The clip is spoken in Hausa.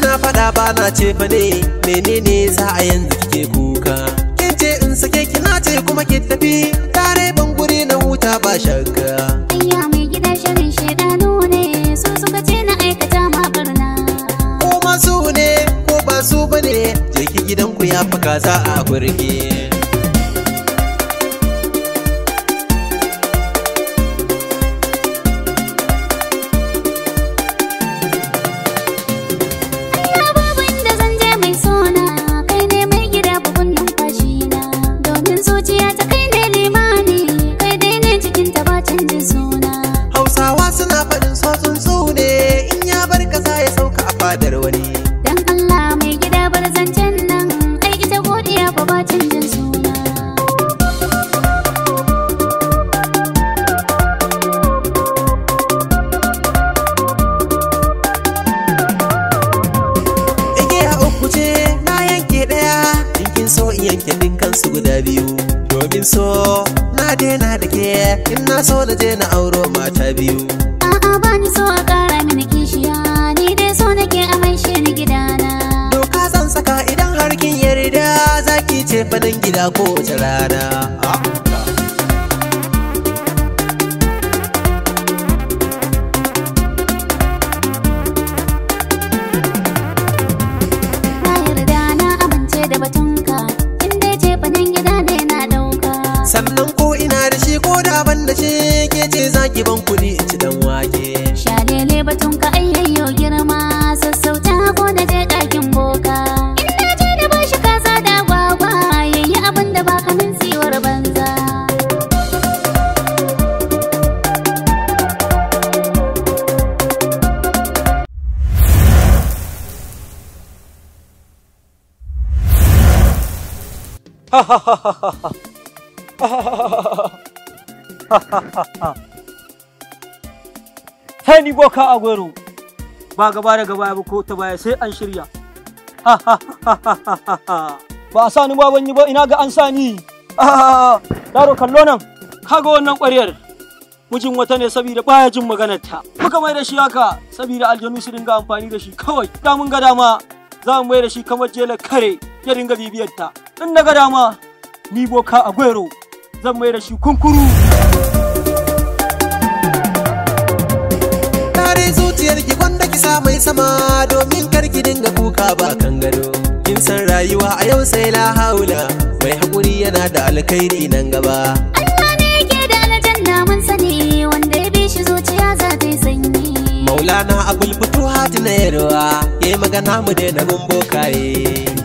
kina faɗa ba na ce fa ne menene za a yanzu kike kuka kin ce in sake na ce kuma ki tafi tare ban guri na huta ba shakka ayya mai gida shirin shaidanu ne su suka ce na aikata ma barna ko masu ne ko ba su bane je ki gidan ku ya fa kaza a burge Allah faɗin so ne in ya bar kasa ya sauka a fadar wani. Dan Allah mai gida bar zancen nan ai ita godiya ba ba canjin suna. Igiya uku ce na yanke ɗaya in so in yanke dukkan su guda biyu. Domin so na daina da ke in na so na je na auro mata biyu. bani so a ƙara mini kishiya ni dai so nake a ni gidana doka zan saka idan har kin yarda zaki ce fanin gida ne na rana sannan ko ina da shi ko da ban da shi ke ce zaki kuɗi in ci ni boka a gwaro ba gaba da gaba ba ko ta baya sai an shirya. Ba a sani ba banyi ba ina ga an sani. Yaro kallo nan kaga wannan ƙwaryar mijin wata ne saboda baya jin maganarta. Muka mai da shi haka saboda aljanu su dinga amfani da shi kawai. Da mun ga dama za mu mai da shi kamar jela kare ya dinga bibiyarta. tun daga ga dama ni boka a gwero zan mai da shi kunkuru kare zuciyar ki wanda ki sa mai sama domin kar ki dinga kuka ba kan gado kin san rayuwa a yau sai la haula mai hakuri yana da alkhairi nan gaba Allah ne yake da aljanna mun sani wanda ya bi shi zuciya za ta yi sanyi Maulana Abul Futuhat na yarwa magana mu da mun bokaye